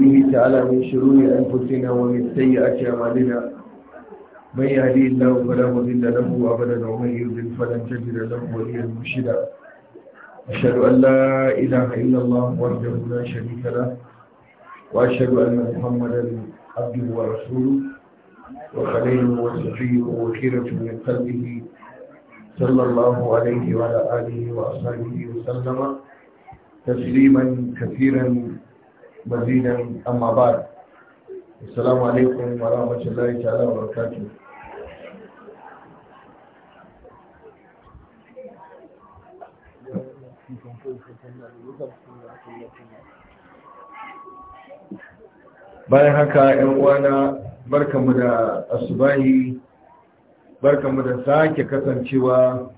به تعالى من شرور أنفسنا ومن سيئات أعمالنا من يهدي الله فلا مضل له أبدا ومن يضلل فلن تجد له وليا مرشدا أشهد أن لا إله إلا الله وحده لا شريك له وأشهد أن محمدا عبده ورسوله وخليله وصفيه وخيرة من قلبه صلى الله عليه وعلى آله وأصحابه وسلم تسليما كثيرا madinan amabar assalamu alaikum wa rahmatullahi ta'ala wa barakatuh bayan haka yan uwana barkamu da asubahi barkamu da sake kasancewa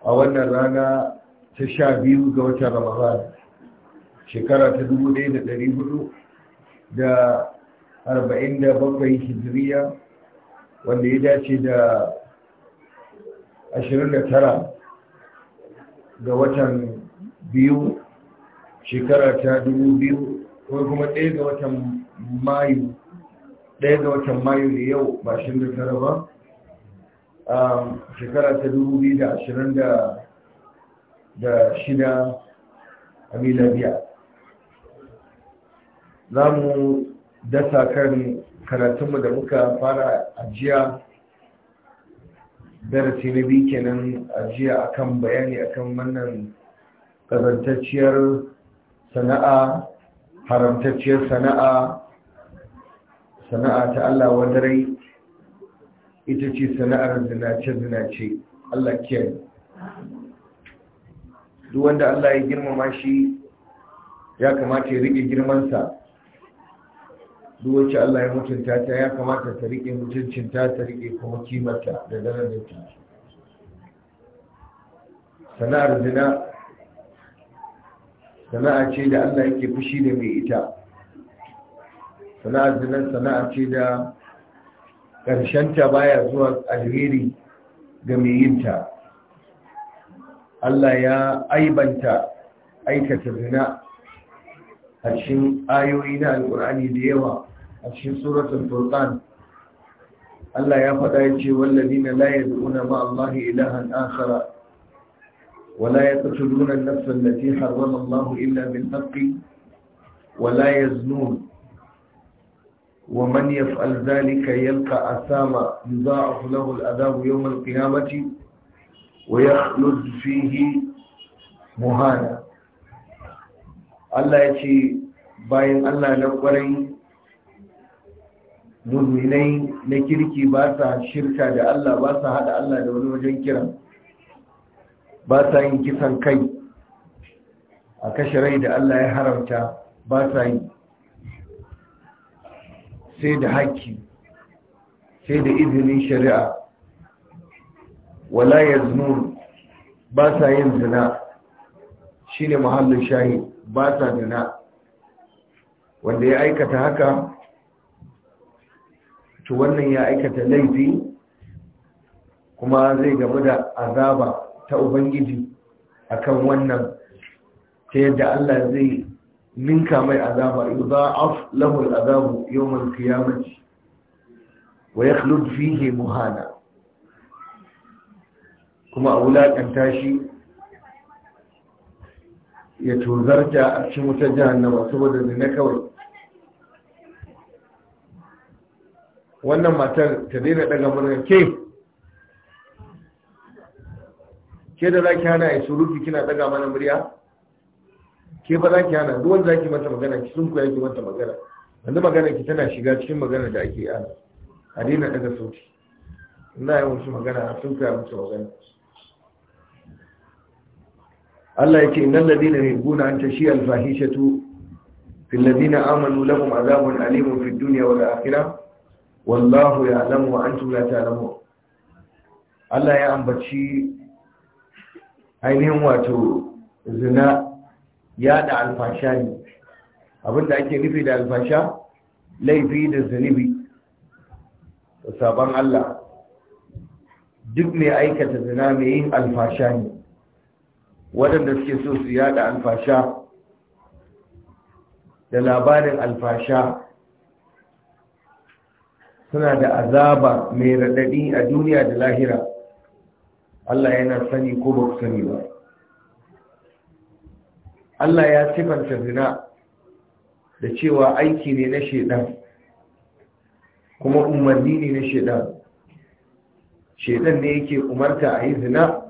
a wannan rana ta sha biyu ga watan ramadan shekara ta dubu ɗaya da ɗari hudu da arba'in da bakwai hijiriya wanda ya dace da ashirin da tara ga watan biyu shekara ta dubu biyu ko kuma ɗaya ga watan mayu ɗaya ga watan mayu ne yau ba ashirin da tara ba um, shekara ta dubu biyu da ashirin da shida a miladiya za mu dasa kan karatunmu da muka fara ajiya darasi na biyu kenan ajiya akan bayani akan wannan kazantacciyar sana'a haramtacciyar sana'a sana'a ta Allah wadarai ita ce sana'ar zinace-zinace Allah kyan duk wanda Allah ya girmama shi ya kamata ya rike girmansa duk wacce Allah ya mutunta ta ya kamata ta rike mutuncin ta ta rike kuma kimarta da ta? sana'ar zina sana'a ce da Allah yake fushi da mai ita sana'ar zina sana'a ce da ta baya zuwa alheri ga mai yinta Allah ya aibanta aikata zina a cikin ayoyi na Alƙur'ani da yawa a cikin suratul furqan Allah ya faɗa yace wallazina la yad'una ma'allahi ilahan akhar wa la yaqtuluna an-nafsa allati harrama Allah illa bil haqqi wa la yaznun wa man yaf'al dhalika yalqa asama yudha'afu lahu al-adhab yawm al-qiyamati wa yakhlud fihi muhana Allah yace bayan Allah na ƙwarai muminai na kirki ba sa shirka da Allah ba sa hada Allah da wani wajen kiran ba sa yin kisan kai a kashe rai da Allah ya haramta ba sa yi sai da haƙƙi sai da izinin shari'a wala yaznun ba sa yin zina shine muhallin shayi, ba sa zina wanda ya aikata haka to wannan ya aikata laifi kuma zai gamu da azaba ta ubangiji akan wannan ta yadda Allah zai ninka mai azaba yudha'af lahu al'adabu yawm al-qiyamati wa yakhlud fihi muhana kuma a wulaƙanta shi ya tozarta a cikin wutar jahannama saboda zina kawai wannan matar ta daina daga murnar? ke ke da zaki hana a surutu kina daga mana murya ke ba zaki hana duk wanda zaki mata magana ki sun koya ki mata magana wanda magana ki tana shiga cikin magana da ake yi a daina daga sauti ina yi wasu magana sun koya musu magana Allah yake innal ladina yuhibbuna an tashi al fahishatu fil ladina amanu lahum adhabun alimun fid dunya wal akhirah wallahu ya alamu wa an tura ta alamu Allah ya ambaci ainihin wato zina ya da alfasha ne abinda ake nufi da alfasha laifi da zunubi sabon Allah duk mai aikata zina mai yin alfasha ne waɗanda suke so su yada alfasha da labarin alfasha suna da azaba mai raɗaɗi a duniya da lahira Allah yana sani ko ba ku sani ba Allah ya sifanta zina da cewa aiki ne na shedan kuma umarni ne na shedan shedan ne yake umarta a yi zina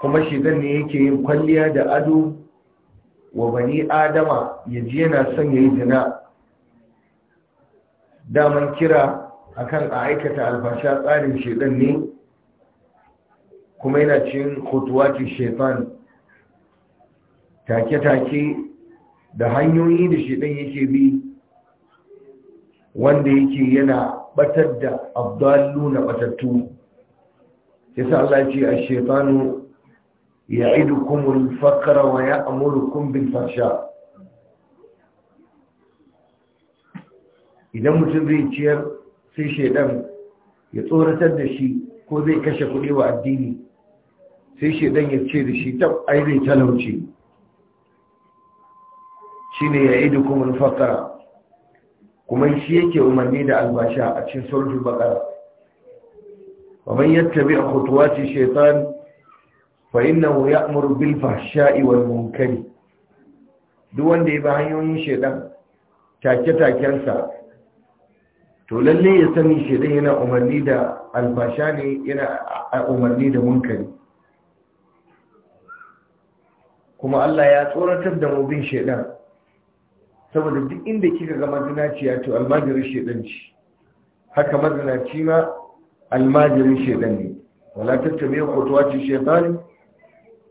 kuma shedan ne yake yin kwalliya da ado wa bani adama yaji yana son ya yi zina daman kira akan a aikata alfasha tsarin shedan ne kuma yana cin hutuwaki shefan take-take da hanyoyi da shedan yake bi wanda yake yana batar da abdallu na batattu sa Allah ce a shefanu ya idukumul fakara wa ya amurukun bin fasha idan mutum zai ciyar sai shaidan ya tsoratar da shi ko zai kashe kuɗi wa addini sai shaidan ya ce da shi tab ai zai talauce shi ne ya yi kuma fakara kuma shi yake umarni da albasha a cikin sauran bakara ومن يتبع خطوات الشيطان فإنه يأمر بالفحشاء والمنكر duk wanda ya bi hanyoyin shaidan take-takensa to lalle ya sani shi zai yana umarni da alfasha ne yana umarni da munkari kuma Allah ya tsoratar da mu bin shedan saboda duk inda kika ga mazinaciya to almajirin shedan ce haka mazinaci ma almajirin shedan ne wala tattabi'u khutuwati shaytan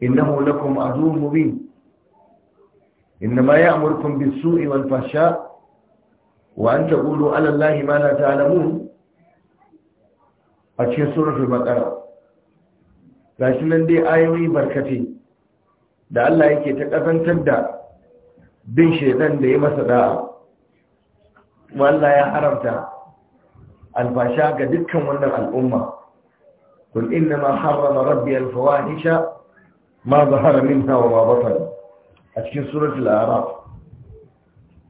innahu lakum aduwwun mubin inma ya'murukum bis-su'i wal fahsha' wa ta taqulu ala ma la ta'lamun a cikin makara. baqara gashi nan dai ayoyi barkate da Allah yake ta kasantar da bin shedan da ya masa da'a wallah ya haramta alfasha ga dukkan wannan al'umma Kun inna ma harrama rabbi alfawahisha ma zahara minha wa ma a cikin suratul a'raf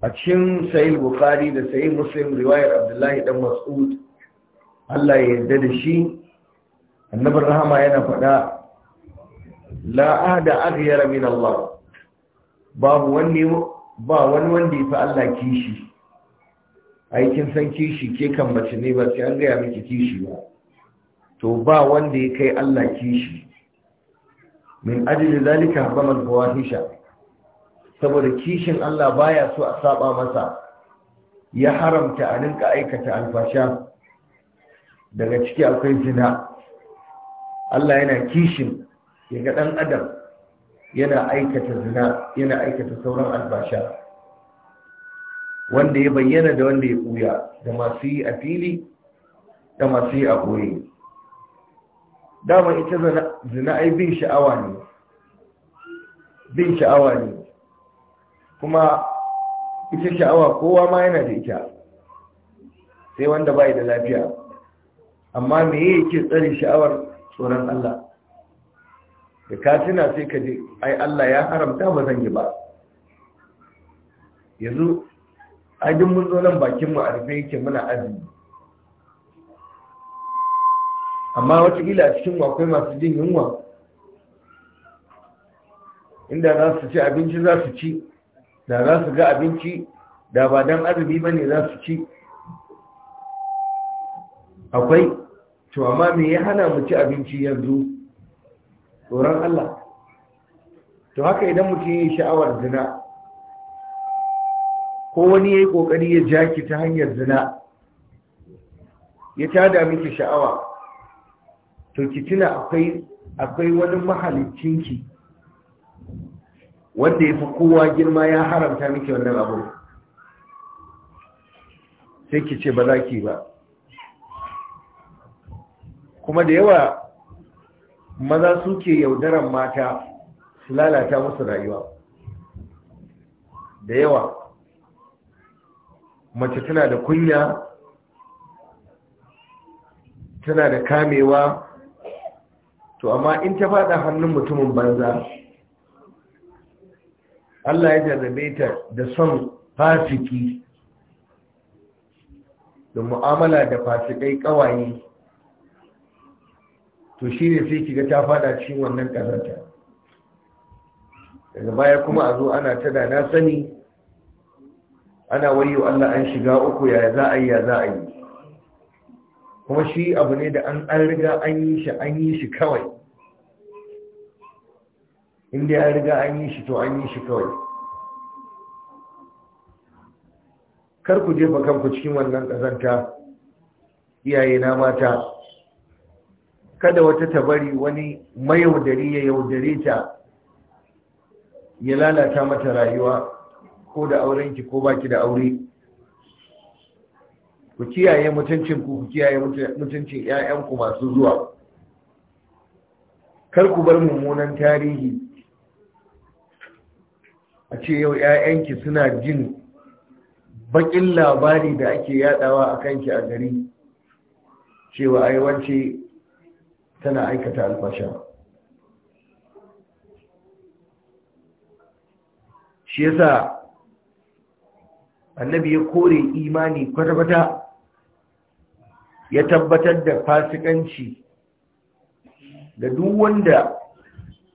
a cikin Sayyid bukhari da sahih muslim riwayar abdullahi dan mas'ud Allah ya yarda da shi Annabi rahama yana faɗa la ahada aghyara min Allah babu wani ba wani wanda yafi Allah kishi aikin san kishi ke kan mace ne ba sai an gaya miki kishi ba to ba wanda ya kai Allah kishi min ajli zalika habama al-fawahisha saboda kishin Allah baya so a saba masa ya haramta a ninka aikata alfasha daga ciki akwai zina Allah yana kishin ya ga ɗan adam yana aikata zina yana aikata sauran albasha wanda ya bayyana da wanda ya buya, da masu yi a fili da masu yi a dama ita zina ai bin sha'awa ne bin sha'awa ne kuma ita sha'awa kowa ma yana da ita sai wanda bai da lafiya amma me yake tsare sha'awar tsoron Allah da ka sai ka je. ai Allah ya haramta ba zan yi ba yanzu ajin mun zo nan bakinmu mu a rufe yake muna azumi amma watakila a cikin akwai masu jin yunwa inda za su ci abinci za su ci da za su ga abinci da ba dan azumi ba ne za su ci akwai to amma me ya hana mu ci abinci yanzu tsoron Allah to haka idan mutum yi sha'awar zina ko wani ya yi ƙoƙari ya jaki ta hanyar zina ya tada miki sha'awa to ki tuna akwai wani ki. wanda ya fi kowa girma ya haramta miki wannan abu sai ki ce ba za ki ba kuma da yawa maza suke yaudaran mata su lalata musu rayuwa da yawa mace tana da kunya tana da kamewa to amma in ta fada hannun mutumin banza Allah ya jarrabe ta da son fasiki da mu'amala da fasikai kawaye to shi ne sai kiga ta fada cikin wannan ƙazanta daga baya kuma a zo ana tada na sani ana wayo Allah an shiga uku ya za a yi ya za a yi kuma shi abu ne da an riga an yi shi an yi shi kawai in dai an riga an yi shi to an yi shi kawai kar ku jefa kanku cikin wannan ƙazanta iyaye na mata kada wata ta bari wani mayaudari ya yaudare ta ya lalata mata rayuwa ko da aurenki ko baki da aure ku kiyaye mutuncin ku ku kiyaye mutuncin 'ya'yanku masu zuwa kar ku bar mummunan tarihi a ce yau 'ya'yanki suna jin bakin labari da ake yadawa a kanki a gari cewa ai tana aikata alfasha shi yasa annabi ya kore imani kwata ya tabbatar da fasikanci da duk wanda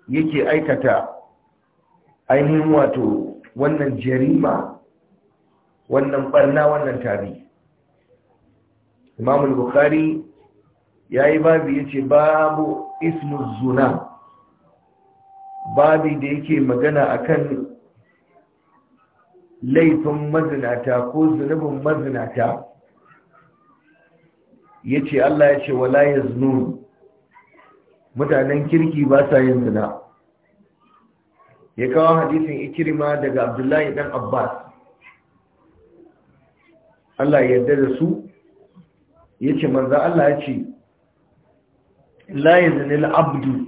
yake aikata ainihin wato wannan jarima wannan barna wannan tari. imamul bukhari ya yi babu ya ce babu ismu zuna babu da yake magana akan laifin mazinata ko zunubin mazinata ya ce Allah ya ce wala ya mutanen kirki ba sa yin zina ya kawo hadisin ikirma daga abdullahi dan abbas Allah ya yarda da su ya ce manza Allah ya ce layin zanil zane abdu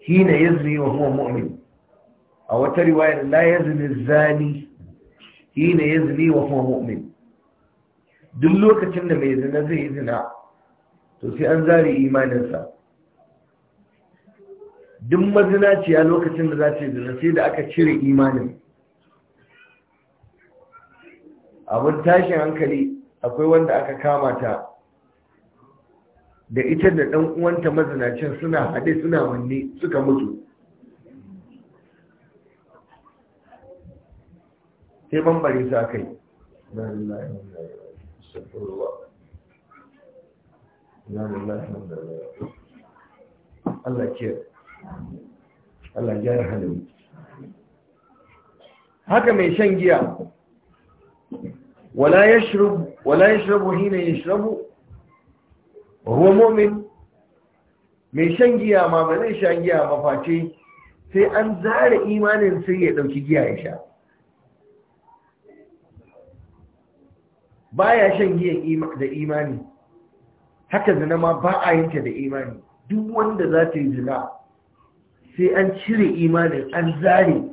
hina ya zane wa huwa mu'min a wata riwayar layin zanil zane zani hina ya zane wa huwa mu'min duk lokacin da mai zina zai yi zina to sai an zari imaninsa duk mazinaciya lokacin da za ta yi zina sai da aka cire imanin abin tashin hankali akwai wanda aka kama ta da ita da ɗan uwanta mazinacin suna haɗe suna wanne suka mutu sai bambare su aka yi Allah ke Allah ya gyara halin haka mai shan giya wala yashrub wala yashrabu hina yashrabu huwa mu'min mai shan giya ma ba zai sha giya ba face sai an zara imanin sai ya dauki giya ya sha baya shan giya da imani haka zina ma ba a yinta da imani duk wanda za ta yi zina sai an cire imanin an zare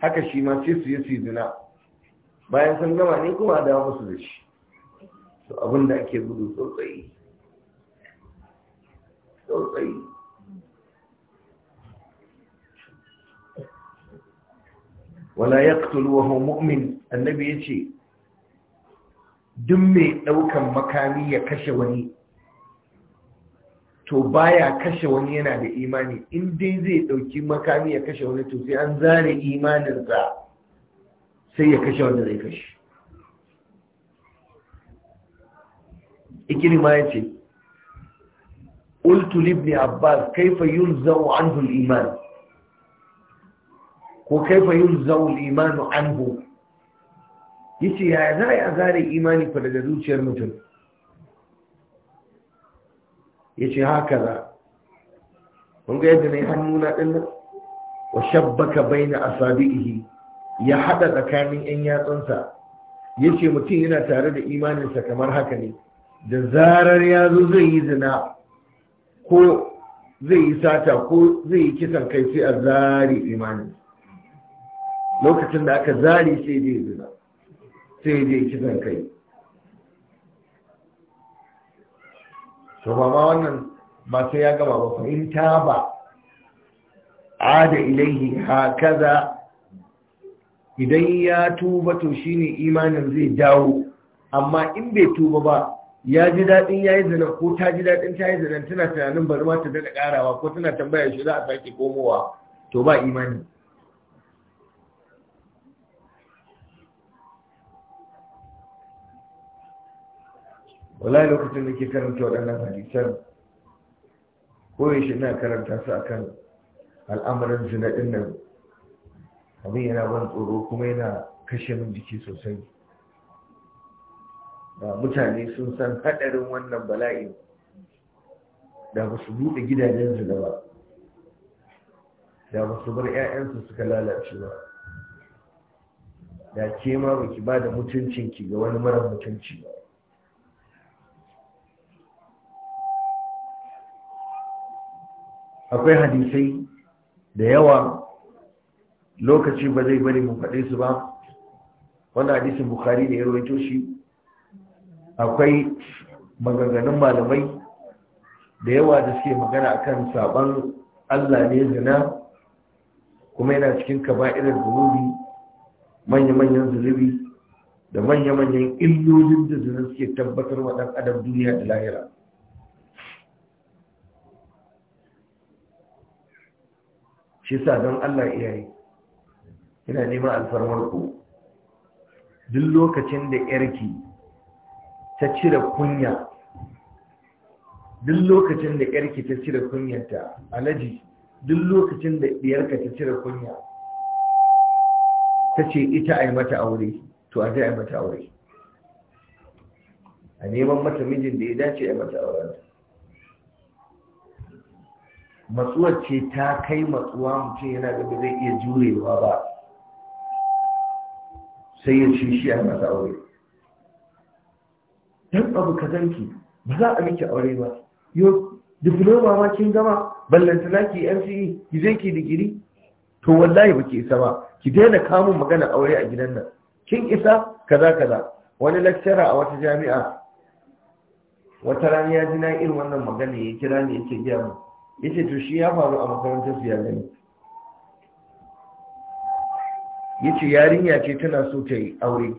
haka shi ma sai su yi su zina bayan sun gama ne kuma da musu da shi to abin da ake gudu tsautsayi tsautsayi wala yaqtul wa mu'min annabi ce, duk mai ɗaukan makami ya kashe wani to baya kashe wani yana da imani in dai zai ɗauki makami ya kashe wani to sai an zare imaninsa sai ya kashe wanda zai kashe ikirma ya ce ultu libni abbas kaifa yulzau anhu al-iman ko kaifa yulzau imanu iman anhu yace yaya za a zare imani fa daga zuciyar mutum ya ce haka za mun ga yadda na yi hannuna ɗinnan wa shabbaka bai na asabi'ihi ya haɗa tsakanin 'yan yatsunsa ya ce mutum yana tare da imaninsa kamar haka ne da zarar ya zo zai yi zina ko zai yi sata ko zai yi kisan kai sai a zari imanin lokacin da aka zari sai dai zina sai dai kisan kai to ba ma wannan ba sai ya gaba ba fa in da ada ilaihi hakaza idan ya tuba to shine imanin zai dawo amma in bai tuba ba ya ji daɗin ya yi zanen ko ta ji daɗin ta yi zanen tana tunanin bari ma ta daɗa ƙarawa ko tana tambaya shi za a sake komowa to ba imani wallahi lokacin da ke karanta waɗannan hadisan koyaushe na karanta su akan al'amuran zina ɗin nan abin yana ban tsoro kuma yana kashe min jiki sosai Ba mutane sun san haɗarin wannan bala'in da ba su buɗe gidajen zina ba da ba su bar 'ya'yansu suka lalace ba da ke ma ba ki ba da mutuncinki ga wani mara mutunci ba akwai hadisai da yawa lokaci ba zai bari mu faɗe su ba wanda hadisin bukari da ya shi akwai maganganun malamai da yawa da suke magana akan saban Allah ne zina kuma yana cikin kaba'irar zunubi manya-manyan zunubi da manya-manyan illolin da zunan suke tabbatar wa ɗan adam duniya da lahira shi sa don Allah iyaye ina nema alfarmarku duk lokacin da yarki ta cire kunya duk lokacin da yarki ta cire kunyarta alaji duk lokacin da ƴarka ta cire kunya ta ce ita a yi mata aure to a zai a yi mata aure a neman mata mijin da ya dace a yi mata aure matsuwar ce ta kai matsuwa mutum yana da ba zai iya jurewa ba sai ya ci shi a masa aure dan abu ka zanki ba za a miki aure ba yo diploma ma kin gama na ki MCE ki zai ki digiri to wallahi baki isa ba ki daina kamun magana aure a gidan nan kin isa kaza kaza wani lecturer a wata jami'a wata rana ya ji na irin wannan magana ya kira ni yake gaya mu yace to shi ya faru a makarantar su ya yace yarinya ce tana so ta yi aure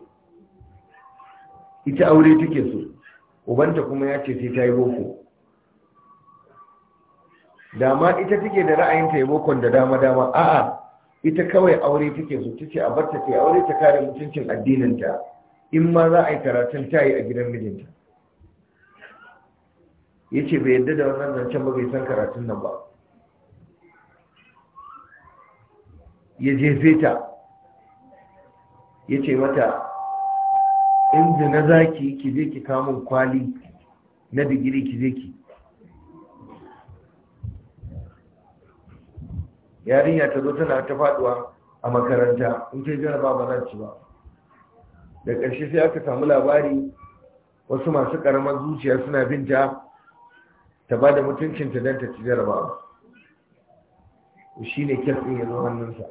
ita aure take so ubanta kuma ya ce sai ta yi boko dama ita take da ra'ayin ta yi bokon da dama dama a'a ita kawai aure take so tace a bar ta yi aure ta kare mutuncin addininta in ma za a yi karatun ta yi a gidan mijinta ya ce bai yadda da wannan zancen ba bai san karatun nan ba ya jefe ta ya ce mata inda na zaki ki je ki kamun kwali na digiri ki je ki yarinya ta zo tana ta faduwa a makaranta in ce jaraba ba ba ci ba da ƙarshe sai aka samu labari wasu masu ƙaramar zuciya suna bin ta ta ba da mutuncinta don ta ci jarabawa shi ne kyafin ya zo hannunsa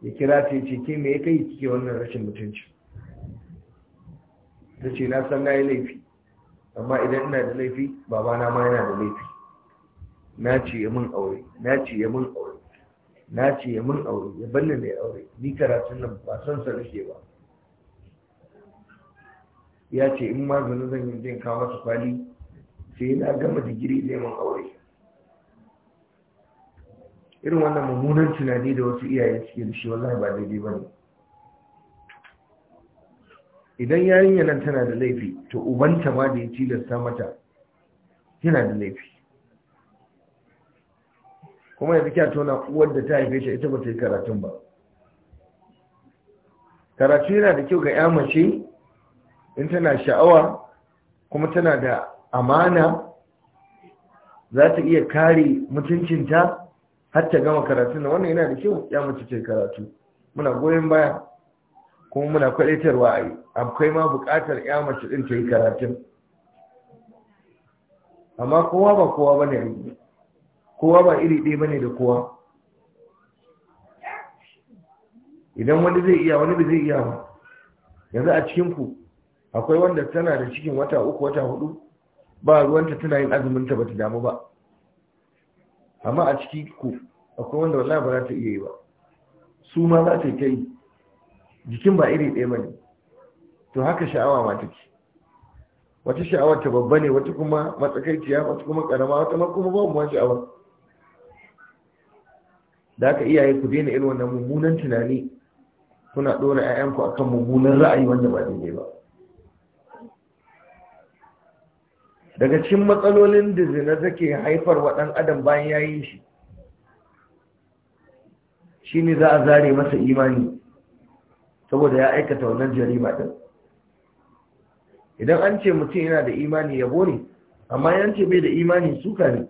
ya kira ta ce ke mai kai kike wannan rashin mutunci ta ce na san na yi laifi amma idan ina da laifi babana ma yana da laifi na ce ya mun aure na ce ya mun aure na ce ya mun aure ya balle mai aure ni karatun nan ba son sa rike ba ya ce in maganin zan yi jin kawo masa kwali sai na gama digiri zai man aure irin wannan mummunan tunani da wasu iyaye suke da shi wallahi ba daidai ba ne idan yarinya yanar tana da laifi to ubanta ma da ya tilasta mata yana da laifi kuma ya yanzu kya tona uwar da ta haife shi ita ba ta yi karatun ba karatu yana da kyau ga ya mace in tana sha'awa kuma tana da amana za ta iya kare mutuncinta har ta gama karatu na wannan yana da kyau ya mace ce karatu muna goyon baya kuma muna kwadatarwa a yi akwai ma buƙatar ya mace ɗin ta yi karatun amma kowa ba kowa ba ne kowa ba iri ɗaya ba ne da kowa idan wani zai iya wani ba zai iya ba yanzu a cikinku akwai wanda tana da cikin wata uku wata hudu ba ruwanta tana yin azuminta ba ta damu ba amma a ciki ku akwai wanda wallahi ba za ta iya yi ba su ma za ta yi ta yi jikin ba iri ɗaya ba ne to haka sha'awa ma take wata sha'awar ta babba ne wata kuma matsakaiciya wata kuma karama wata ma kuma babu ma sha'awar da aka iyaye ku daina irin wannan mummunan tunani kuna ɗora 'ya'yanku akan mummunan ra'ayi wanda ba daidai ba daga cikin matsalolin da zina take haifar wa adam bayan ya yi shi shi ne za a zare masa imani saboda ya aikata wannan jarima ɗin idan an ce mutum yana da imani yabo ne amma yan ce bai da imani suka ne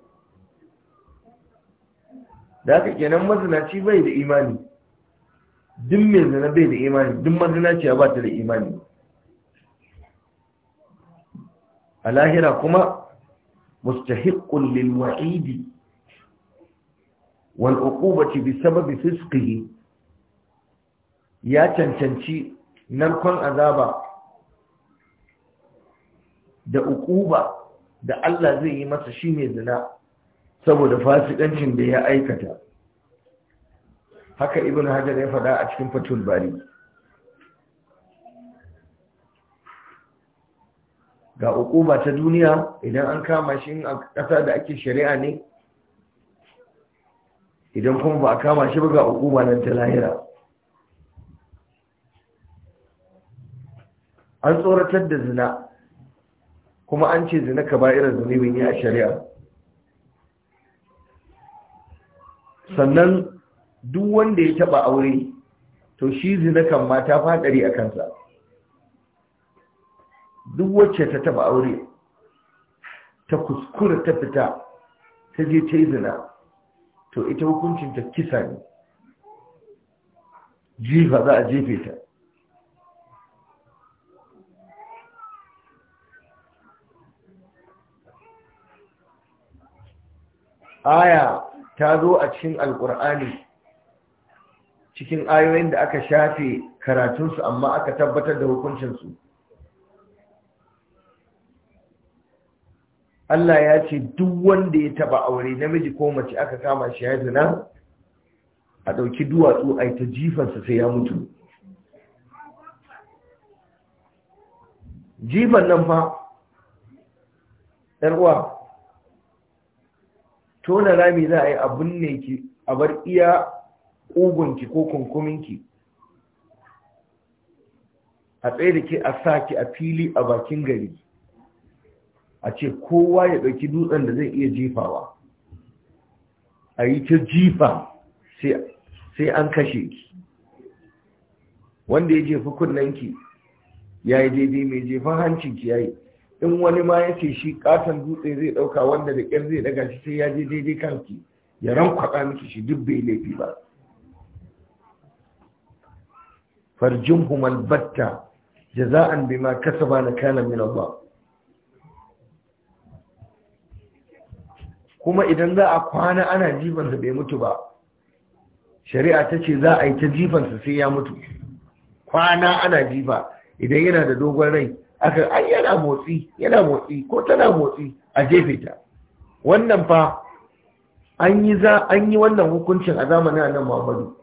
da haka kenan mazinaci bai da imani duk mai zina bai da imani duk mazinaci ya ba ta da imani a lahira kuma mustahiqqun lil Wa'id, wal uqubati bi sababi fisqihi ya cancanci narkon azaba da uquba da Allah zai yi masa shine zina saboda fasikancin da ya aikata haka ibnu hajar ya faɗa a cikin fatul bari ga hukuma ta duniya idan an kama shi a ƙasa da ake shari'a ne idan kuma ba a kama shi ba ga hukuma nan ta lahira an tsoratar da zina kuma an ce zina ka ba'irar zunubin yi a shari'a sannan duk wanda ya taba aure to shi zina kan mata fadari a kansa duk wacce ta taba aure ta kuskura ta fita ta je ta yi zina to ita hukuncin ta kisa ne jifa za a jefe ta aya ta zo a cikin alkur'ani cikin ayoyin da aka shafe karatunsu amma aka tabbatar da hukuncinsu Allah ya ce duk wanda ya taba aure namiji ko mace aka kama shi ya zina a ɗauki duwatsu a yi ta jifansa sai ya mutu jifan nan fa ‘yar’uwa, tona rami za a yi abin ne ki a bar iya ƙugunki ko kunkuminki a tsaye da ke a sa ki a fili a bakin gari a ce kowa ya ɗauki dutsen da zai iya jifawa a yi ta jifa sai an kashe ki wanda ya jefi kunnanki ya yi daidai mai jefan hancinki ya yi in wani ma ya ce shi katon dutse zai ɗauka wanda da ƙyar zai daga shi sai ya je daidai kanki ya rankwaɗa miki shi duk bai laifi ba farjin humal batta jaza'an kasa ba na kana min Allah kuma idan za a kwana ana jifansa bai mutu ba shari'a ta ce za a yi ta jifansa sai ya mutu kwana ana jifa idan yana da dogon rai aka an yana motsi yana motsi ko tana motsi a jefe ta wannan fa an yi za an yi wannan hukuncin a zamanin annabi Muhammadu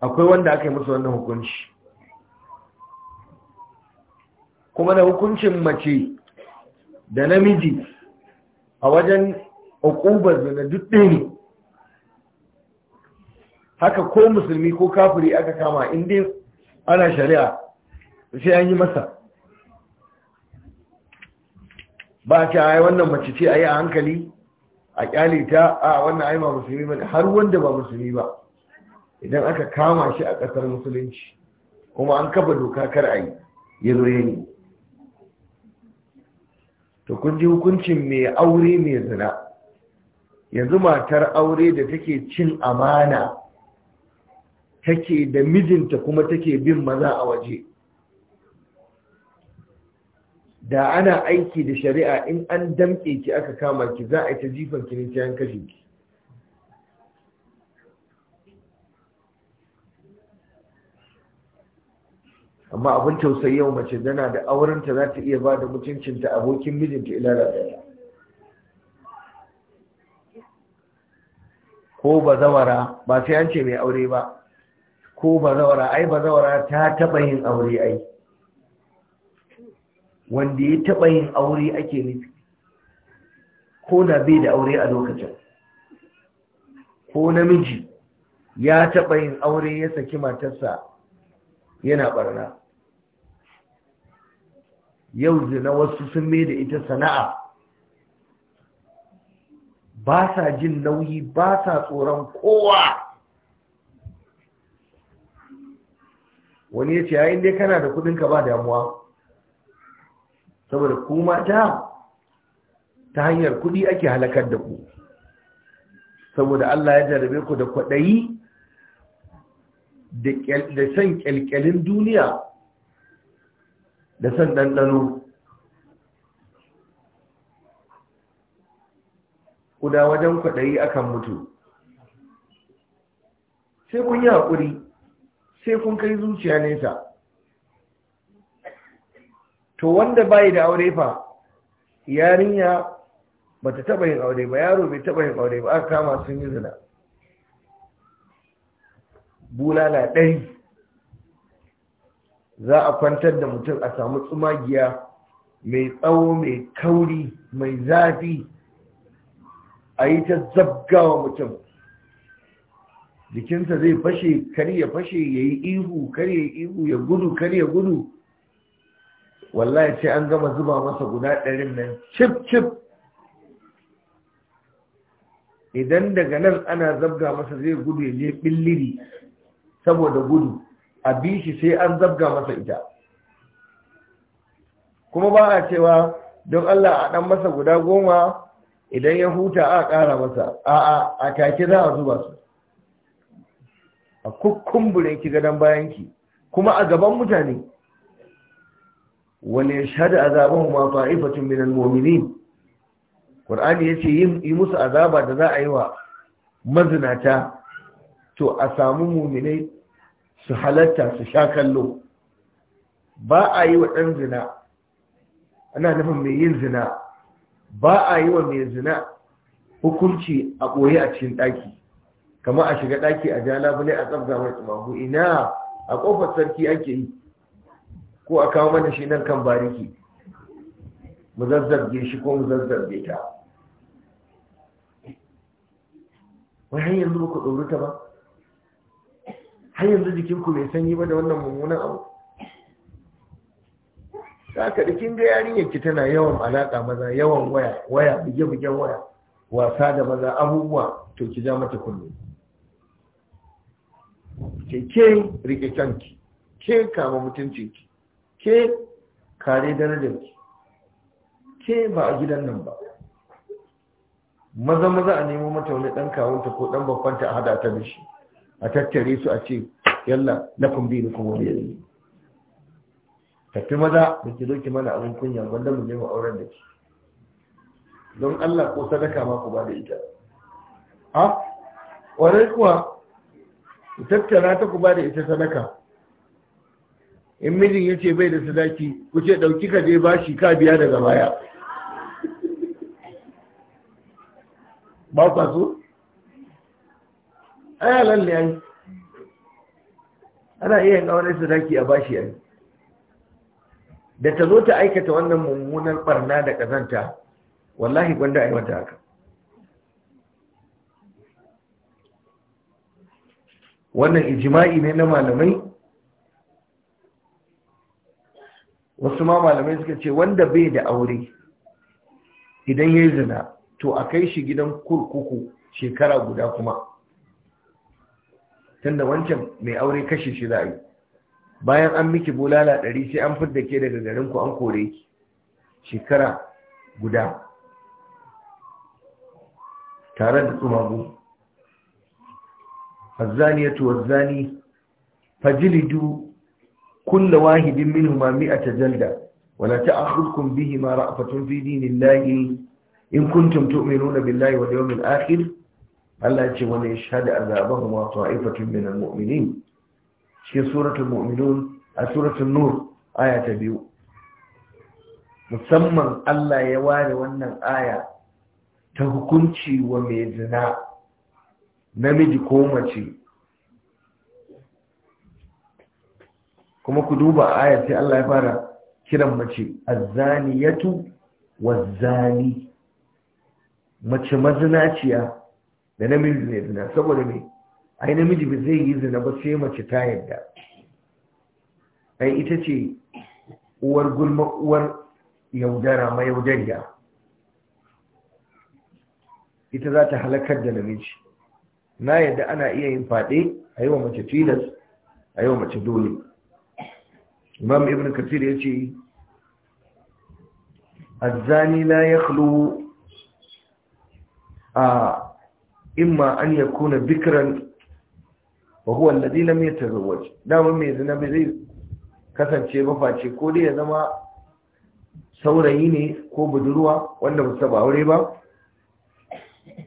akwai wanda aka yi musu wannan hukunci kuma na hukuncin mace da namiji a wajen uqubar zina duk ɗaya haka ko musulmi ko kafiri aka kama inda ana shari'a sai an yi masa ba ta yi wannan mace ce yi a hankali a kyale ta a wannan ai ma musulmi ba har wanda ba musulmi ba idan aka kama shi a ƙasar musulunci kuma an kaba doka kar a yi ya ya to kun ji hukuncin mai aure mai zina yanzu matar aure da take cin amana take da mijinta kuma take bin maza a waje da ana aiki da shari'a in an damke ki aka kama ki za a yi ta jifan ki ne ta ki amma abin tausayi yau mace tana da aurenta za ta iya ba da mutuncinta abokin mijinta ilala daya ko bazawara ba sai an ce mai aure ba ko bazawara ai bazawara ta taɓa yin aure ai wanda ya taɓa yin aure ake nufi ko da bai da aure a lokacin ko namiji ya taɓa yin aure ya saki matarsa yana barna yau zina wasu sun mai da ita sana'a ba sa jin nauyi ba sa tsoron kowa wani ya ce ya inda kana da kudinka ba damuwa saboda kuma ta ta hanyar kudi ake halakar da ku saboda Allah ya jarabe ku da kwaɗayi da san kyalkyalin duniya da san ɗanɗano kuda wajen kwaɗayi akan mutu sai kun yi haƙuri sai kun kai zuciya nesa to wanda bayi da aure fa yarinya ba ta taɓa yin aure ba yaro bai taɓa yin aure ba aka kama sun yi zina bulala ɗari za a kwantar da mutum a samu tsumagiya mai tsawo mai kauri mai zafi a yi ta zabgawa mutum jikinsa zai fashe kar ya fashe ya yi ihu kar ya ihu ya gudu kar ya gudu wallahi ce an gama zuba masa guda ɗarin nan cip cip idan daga nan ana zabga masa zai gudu ya je ɓilliri saboda gudu a bi shi sai an zabga masa ita kuma ba a cewa don Allah a ɗan masa guda goma idan ya huta a kara masa a a take za a zuba su a kukkumbure ki gadon ki, kuma a gaban mutane wani shahada azabahu ma ta'ifatun minal mu'minin ya ce yi musu azaba da za a yi wa mazinata to a samu mu'minai su halatta su sha kallo ba a yi wa ɗan zina ana nufin mai yin zina ba a yi wa mai zina hukunci a ɓoye a cikin ɗaki kamar a shiga ɗaki a ja labule a tsabza mai tsumahu ina a ƙofar sarki ake yi ko a kawo mana shi nan kan bariki mu zazzabge shi ko mu zazzabge ta wai hanyar yanzu ba ku ɗoruta ba har yanzu jikinku mai sanyi ba da wannan mummunan abu ta ka kin ga yarinyar ki tana yawan alaka maza yawan waya waya buge bugen waya wasa da maza abubuwa to ki ja mata kullu ke ke rike kanki ke kama mutunci ki ke kare darajar ki ke ba a gidan nan ba maza maza a nemo mata wani dan kawunta ko ɗan babbanta a hada ta da a tattare su a ce yalla na lakum kuma wani diyani tafi maza da ki doki mana abin kunya wanda mu nema mu auren da ke don Allah ko sadaka ma ku ba da ita a ƙwarai kuwa ku tattara ta ku ba da ita sadaka in mijin ya ce bai da sadaki ku ce ɗauki ka je bashi ka biya daga baya ba ku so ai lalle ai ana iya yin auren sadaki a bashi ai da ta zo ta aikata wannan mummunar barna da kazanta wallahi gwanda ai wata haka wannan ijma'i ne na malamai wasu ma malamai suka ce wanda bai da aure idan ya zina to a kai shi gidan kurkuku shekara guda kuma tunda wancan mai aure kashe shi za a yi bayan an miki bulala ɗari sai an fidda ke daga ku an kore ki shekara guda tare da tsumagu azzaniyatu wazzani fajlidu kulla wahidin minhuma mi'ata jalda wala ta'khudhukum ma ra'fatun fi dinillahi in kuntum tu'minuna billahi wal yawmil akhir Allah ya ce wani ya shaɗi azabahu ma ta'ifatun min al-mu'minin shi suratul mu'minun a suratul nur aya ta biyu musamman Allah ya ware wannan aya ta hukunci wa mai zina namiji ko mace kuma ku duba aya sai Allah ya fara kiran mace azzaniyatu wazzani mace mazinaciya da namiji ne zina saboda me ai namiji ba zai yi zina ba sai mace ta yadda ai ita ce uwar gulma uwar yaudara mai yaudariya ita za ta halakar da namiji na yadda ana iya yin fade a yi wa mace tilas a yi wa mace dole imam ibn kasir ya ce azzani la ya a imma an yakuna bikran wa huwa alladhi lam yatazawwaj dama mai zina bai zai kasance ba face ko dai ya zama saurayi ne ko budurwa wanda ba saba aure ba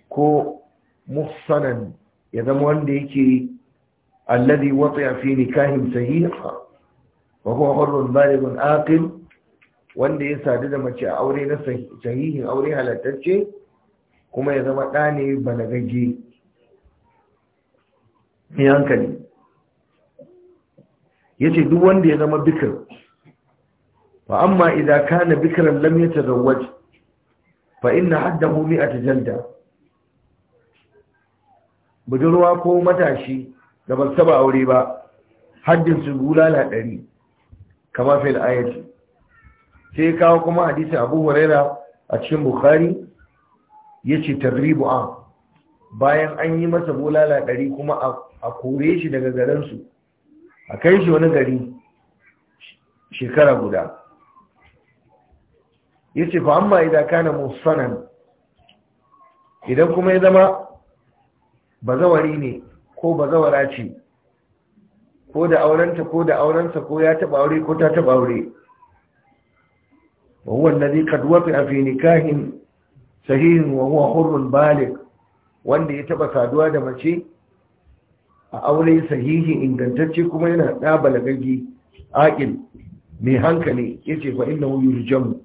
ko muhsanan ya zama wanda yake alladhi wati'a fi nikahin sahih wa huwa hurrun balighun aqil wanda ya sadu da mace a aure na sahihin aure halattacce kuma ya zama ɗa ne balagagge mai hankali ya ce duk wanda ya zama bikir Ba amma idan kana bikiran lam ya tazawwaj na hada homi a jalda budurwa ko matashi da ban saba aure ba haddin su bulala ɗari kama fil ayyaci sai kawo kuma hadisi abu huraira a cikin bukhari ya ce tarribu a bayan an yi masa bulala ɗari kuma a kore shi daga garinsu a kai shi wani gari shekara guda ya ce fa amma idan kana musanan idan kuma ya zama bazawari ne ko bazawara ce ko da aurenta ko da aurensa ko ya taɓa aure ko ta taɓa aure wa huwa allazi qad wafi'a fi nikahin sahihin wa huwa hurrun balik wanda ya taba saduwa da mace a aure sahihi ingantacce kuma yana da balagaggi aqil mai hankali yace fa innahu yurjamu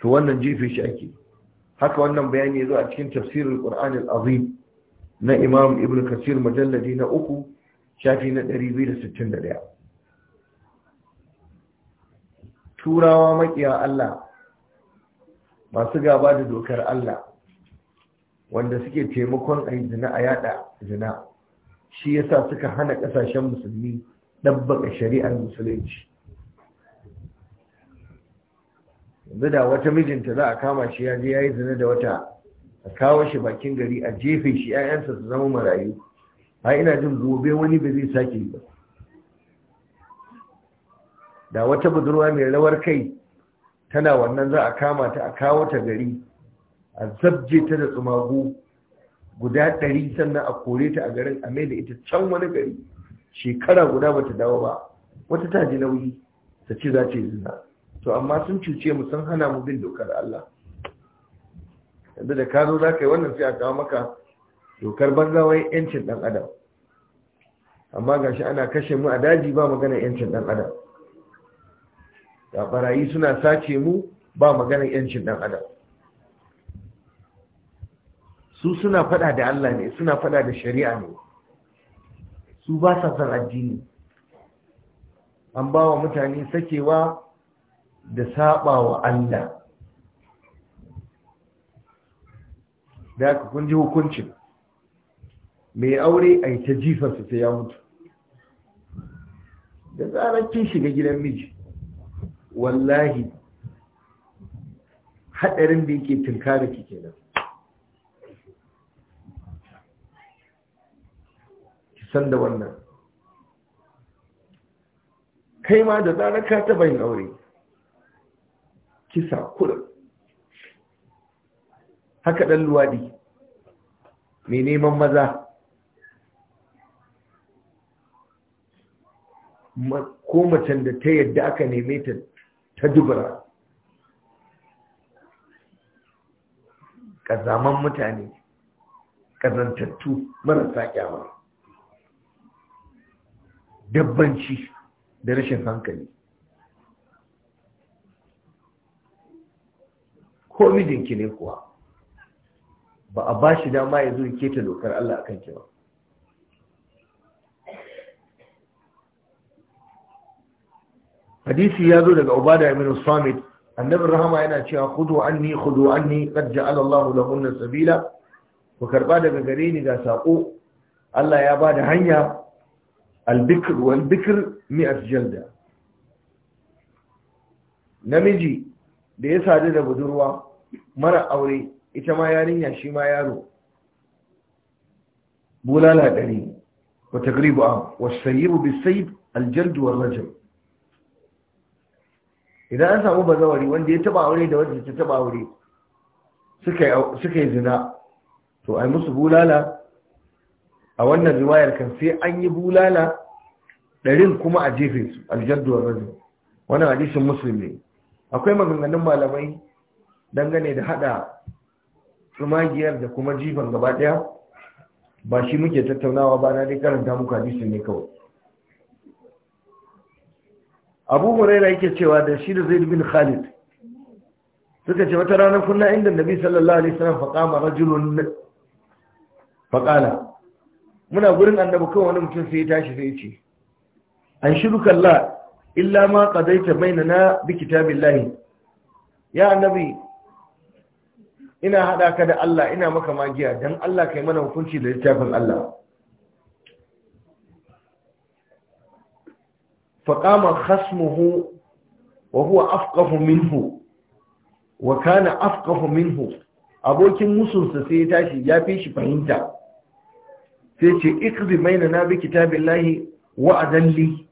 to wannan jefe shi ake haka wannan bayani yazo a cikin tafsirul qur'an al-azim na imam ibnu kasir mujalladi na uku shafi na 261 turawa makiya Allah masu gaba da dokar Allah wanda suke taimakon a zina a yada zina shi yasa suka hana kasashen musulmi ɗabbaka shari'ar musulunci yanzu da wata mijinta za a kama shi ya je ya yi zina da wata a kawo shi bakin gari a jefe shi 'ya'yansa su zama marayu a ina jin gobe wani ba zai sake ba da wata budurwa mai rawar kai tana wannan za a kama ta a kawo ta gari a zabje ta da tsumagu guda ɗari sannan a kore ta a garin a da ita can wani gari shekara guda bata dawo ba wata ta ji nauyi ta ce za ce zina to amma sun cuce mu sun hana mu bin dokar Allah yanzu da ka zo za ka yi wannan sai a kawo maka dokar banza wai yancin ɗan adam amma gashi ana kashe mu a daji ba magana yancin ɗan adam da barayi suna sace mu ba maganar yancin dan adam su suna fada da Allah ne suna fada da shari'a ne su ba sa san addini an ba wa mutane sakewa da saba wa Allah da ka kun hukuncin mai aure a yi ta jifarsa ta ya mutu da tsarar kin shiga gidan miji wallahi haɗarin da yake tunkara ki kenan ki san da wannan kai ma da zarar ka taba yin aure kisa kula haka dan luwadi mai neman maza ko macen da ta yadda aka neme ta ta dubura ƙazaman mutane ƙazantattu marasa kyamar dabbanci da rashin hankali ko mijinki ne kuwa ba a ba shi dama ya zo ya keta dokar Allah a kanki ba hadisi ya zo daga ubada ibn samit annabin rahama yana cewa khudu anni khudu anni qad ja'ala Allahu sabila ku karba daga gare ni ga sako Allah ya bada hanya al-bikr wal bikr mi'at jalda namiji da ya sadu da budurwa mara aure ita ma yarinya shi ma yaro bulala dari wa tagribu am wasayyib bisayb al-jald wal rajm idan an samu bazawari wanda ya taba aure da wanda ta taba aure suka yi zina to ai musu bulala a wannan riwayar kan sai an yi bulala ɗarin kuma a jefe su aljaddu wa wannan hadisin musulmi. akwai maganganun malamai dangane da hada tsumagiyar da kuma jifan gaba ɗaya ba shi muke tattaunawa ba na dai karanta muku hadisin ne kawai abu huraira yake cewa da shi da zai bin khalid suka ce wata ranar kunna inda nabi sallallahu alaihi wasallam faqama rajulun faqala muna gurin annabi kawai wani mutum sai ya tashi sai ya ce an shiru kalla, illa ma qadaita na bi kitabillahi ya annabi ina haɗa ka da Allah ina maka magiya dan Allah kai mana hukunci da littafin Allah فقام خصمه وهو أفقه abokin musulsa sai ya tashi ya fi fahimta sai ce ikzi maina na bi kitabin lahi wa adalli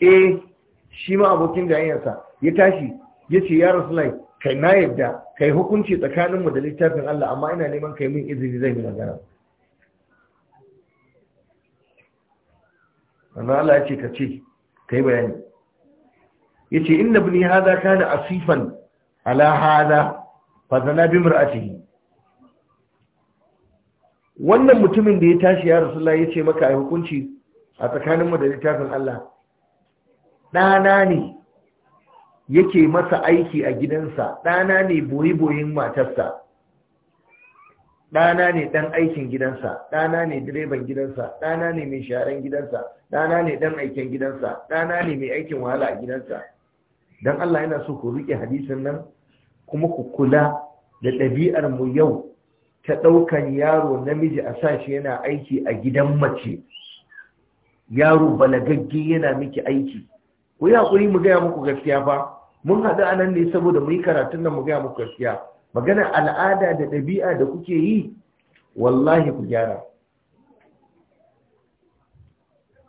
eh shi ma abokin gayyarsa ya tashi ya ce ya rasulai kai na yadda kai hukunci tsakaninmu da littafin Allah amma ina neman kai min izini zai yi magana Wannan Allah ka ce kai bayani yace inna haza, ka kana asifan ala haza, fa zana bi mar'atihi wannan mutumin da ya tashi ya rasulullahi yace maka ai hukunci a tsakanin mu da littafin Allah ɗana ne yake masa aiki a gidansa ɗana ne boyi-boyin matarsa ɗana ne ɗan aikin gidansa ɗana ne direban gidansa ɗana ne mai sharan gidansa ɗana ne ɗan aikin gidansa ɗana ne mai aikin wahala a gidansa don Allah yana so ku riƙe hadisin nan kuma ku kula da ɗabi'ar mu yau ta ɗaukan yaro namiji a sashi yana aiki a gidan mace yaro balagagge yana miki aiki ku yi haƙuri mu gaya muku gaskiya fa mun haɗu a nan ne saboda mu yi karatun nan mu gaya muku gaskiya magana al'ada da ɗabi'a da kuke yi wallahi ku gyara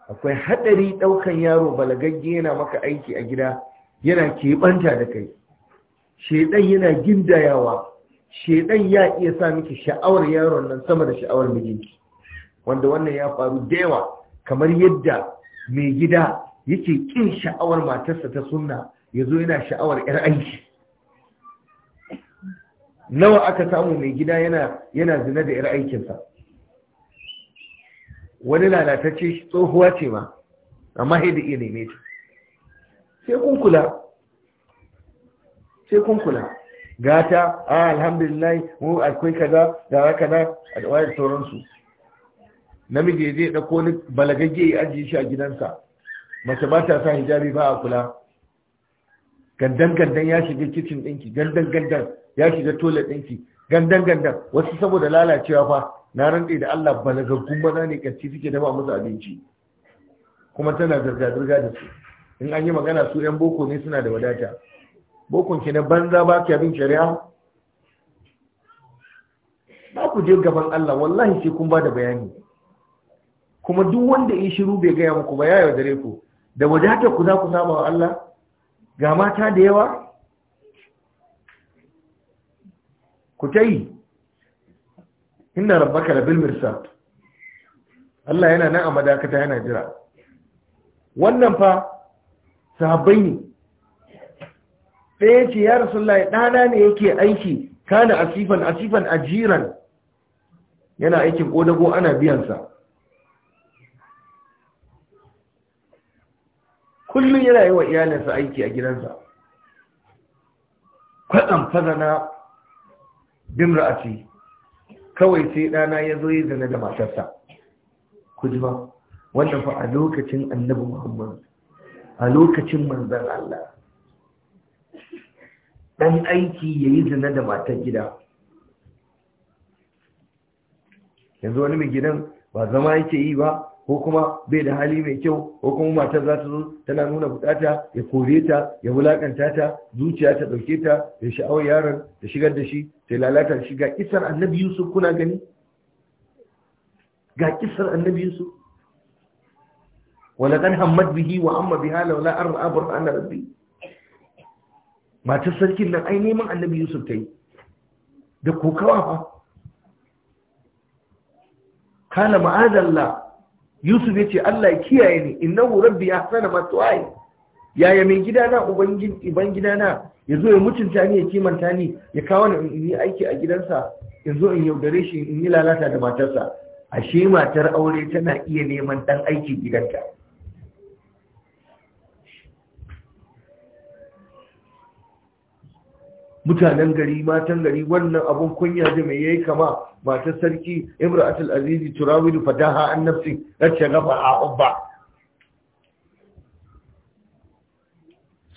akwai haɗari ɗaukan yaro balagagge yana maka aiki a gida yana keɓanta da kai shaidan yana gindayawa shaidan ya iya sa miki sha'awar yaron nan sama da sha'awar mijinki wanda wannan ya faru da yawa kamar yadda mai gida yake ƙin sha'awar matarsa ta sunna ya zo yana sha'awar 'yar aiki nawa aka samu mai gida yana zina da 'yar aikinsa wani lalatacce tsohuwa ce ma amma sai da iya neme ta sai kun kula sai kun gata a alhamdulillah mu akwai kaza da kaza a wayar sauransu namiji zai dauko wani balagagge ya ajiye shi a gidansa mace ba ta sa hijabi ba a kula gandan gandan ya shiga kicin ɗinki gandan gandan ya shiga tole ɗinki gandan gandan wasu saboda lalacewa fa na rantse da Allah balagaggun maza ne kanci suke dafa musu abinci kuma tana zirga-zirga da su in an yi magana su 'yan boko ne suna da wadata bokon ki na banza ba ki abin shari'a ba ku je gaban Allah wallahi sai kun ba da bayani kuma duk wanda ya shiru bai gaya muku ba ya yaudare ku da wadata ku za ku saba wa Allah ga mata da yawa ku ta yi inda rabbaka da bilmirsa. Allah yana nan a madakata yana jira wannan fa sahabbai ne ɗaya ce ya rasullahi ɗana ne yake aiki kana asifan asifan ajiran yana aikin ƙodago ana biyansa kullum yana yi wa iyalinsa aiki a gidansa kwaɗan fazana bimra'ati kawai sai ɗana ya zo yi zana da matarsa ku ji wannan fa a lokacin annabi muhammad a lokacin manzan Allah Dan aiki ya yi zina da matar gida yanzu wani mai gidan ba zama yake yi ba ko kuma bai da hali mai kyau ko kuma matar za ta zo tana nuna bukata ya kore ta ya wulakanta ta zuciya ta dauke ta ya sha'awar yaron ta shigar da shi sai lalata shi ga kisar annabi yusuf kuna gani ga kisar annabi yusuf wala dan hammad bihi wa amma biha laula an ra'a burhan rabbi matar sarkin nan ai neman annabi yusuf ta yi da kokawa fa kana ma'adallah yusuf ya ce allah ya kiyaye ni innahu rabbi ya sana matuwaye yaya mai gidana uban na ya zo ya mutunta ni ya kimanta ni ya kawo ni in yi aiki a gidansa in zo in yaudare shi in yi lalata da matarsa ashe matar aure tana iya neman dan aikin gidanta mutanen gari matan gari wannan abun kunya da mai yayi kama matar sarki imra'atul azizi turawidu fadaha annafsi nafsi gaba a ubba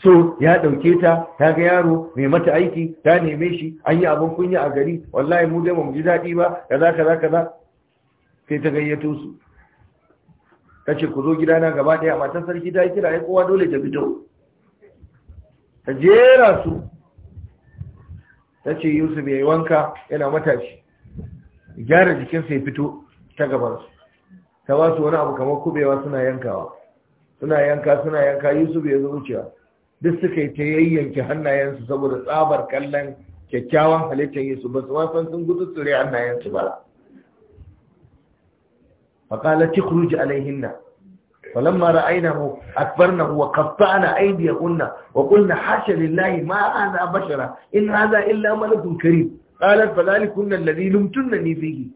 so ya ɗauke ta ta ga yaro mai mata aiki ta neme shi an yi abin kunya a gari wallahi mu dai ba mu ji daɗi ba kaza kaza kaza sai ta gayyato su ta ce ku zo gidana gaba ɗaya matan sarki ta yi kira ya kowa dole ta fito ta jera su ta ce yusuf ya yi wanka yana matashi gyara jikinsa ya fito ta su. ta ba su wani abu kamar kubewa suna yankawa suna yanka suna yanka yusuf ya zo wucewa duk suka yi ta yayyanke hannayensu saboda tsabar kallon kyakkyawan halittar yesu ba su wafan sun gudu tsire hannayensu ba faƙala ci kuruji alaihinna mu ra'aynahu na wa aidiya kunna wa kunna hashe lillahi ma ana bashara in hadha illa malakun karim qalat fadhalikunna alladhi lumtunni fihi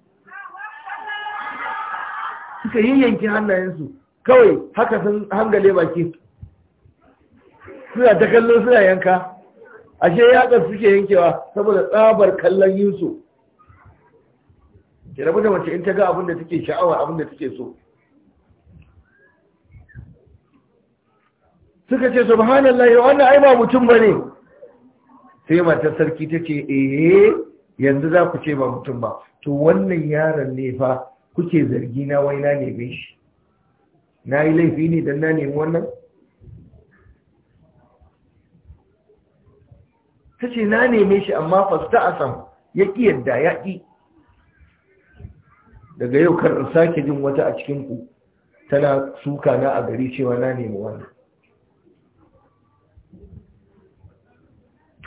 suka yayyanke hannayensu kawai haka sun hangale baki suna ta kallo suna yanka ashe yatsar suke yankewa saboda tsabar kallon yinsu ke rabu da mace in ta ga abin da take sha'awa abin da take so suka ce Yau wannan ai ba mutum ba ne. sai matar sarki ta ce eh yanzu za ku ce ba mutum ba to wannan yaron ne fa kuke zargi na waina ne bin shi na yi laifi ne don na nemi wannan ta ce na neme shi amma fasta a sam ya ƙi yadda ya ƙi daga yau kar sake jin wata a cikinku tana suka na a gari cewa na nemi wannan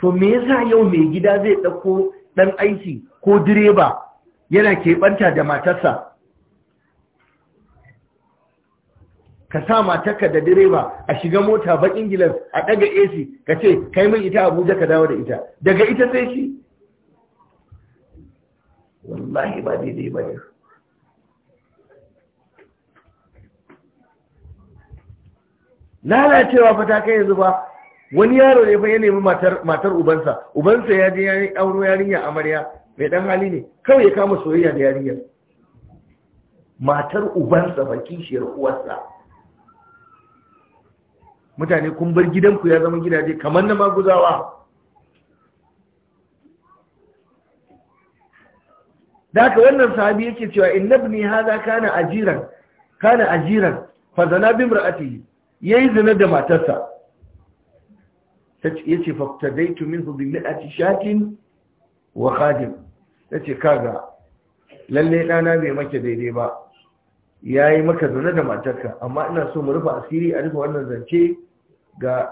to me yasa yau mai gida zai ɗauko ɗan aiki ko direba yana keɓanta da matarsa ka sa matarka da direba a shiga mota ba gilas a daga AC ka ce kai min ita Abuja ka dawo da ita daga ita sai shi wallahi ba daidai ba ne lalacewa fa ta kai yanzu ba wani yaro ne fa ya nemi matar matar ubansa ubansa ya je ya auro yarinya amarya mai dan hali ne kawai ya kama soyayya da yarinyar matar ubansa ba kishiyar uwarsa mutane kun bar gidanku ya zama gidaje kamar na maguzawa da wannan sahabi yake cewa innabni haza kana ajiran kana ajiran fa zana bi ya yayi zina da matarsa tace yace faqtadaitu minhu bi mi'ati shatin wa khadim tace kaga Lallai ɗana bai make daidai ba ya yi maka zane da matarka amma ina so mu rufe asiri a rufe wannan zance ga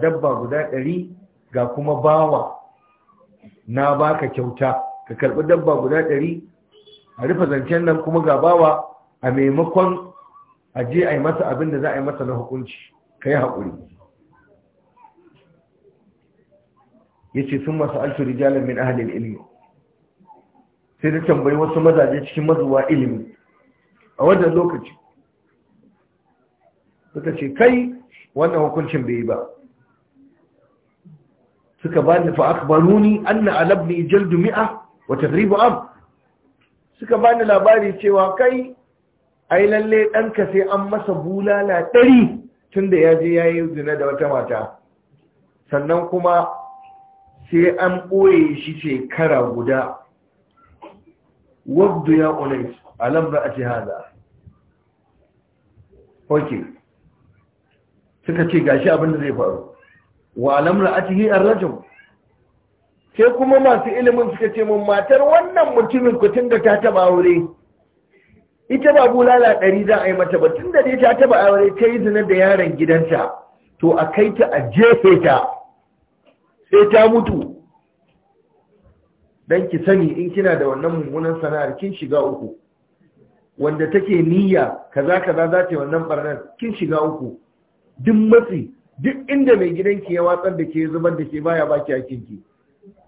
dabba guda ɗari ga kuma bawa na baka kyauta ka karɓi dabba guda ɗari a rufe zancen nan kuma ga bawa a maimakon a je a yi masa abin da za a yi masa na hukunci ka yi haƙuri ya ce sun masu altu rijalar min ahalin ilimi sai da tambayi wasu mazaje cikin mazuwa ilimi a wannan lokaci suka ce kai wannan hukuncin bai yi ba suka ba ni fa'akbaruni anna alabni jaldu mi'a wa tagribu am suka ba ni labari cewa kai ai lalle ɗanka sai an masa bulala ɗari tunda ya je ya yi zina da wata mata sannan kuma sai an ɓoye shi shekara guda wabdu ya unais alam ra'ati hada okay suka ce gashi abin da zai faru wa alam ra'atihi ar-rajul sai kuma masu ilimin suka ce mun matar wannan mutumin ku tunda ta taba aure ita ba bulala ɗari za a yi mata ba tunda dai ta taba aure ta yi zina da yaron gidanta to a kai ta a jefe ta sai ta mutu dan ki sani in kina da wannan mummunan sana'ar kin shiga uku wanda take niyya kaza kaza za ta yi wannan barnar kin shiga uku duk matsi duk inda mai gidanki ya watsar da ke zubar da ke baya baki a ki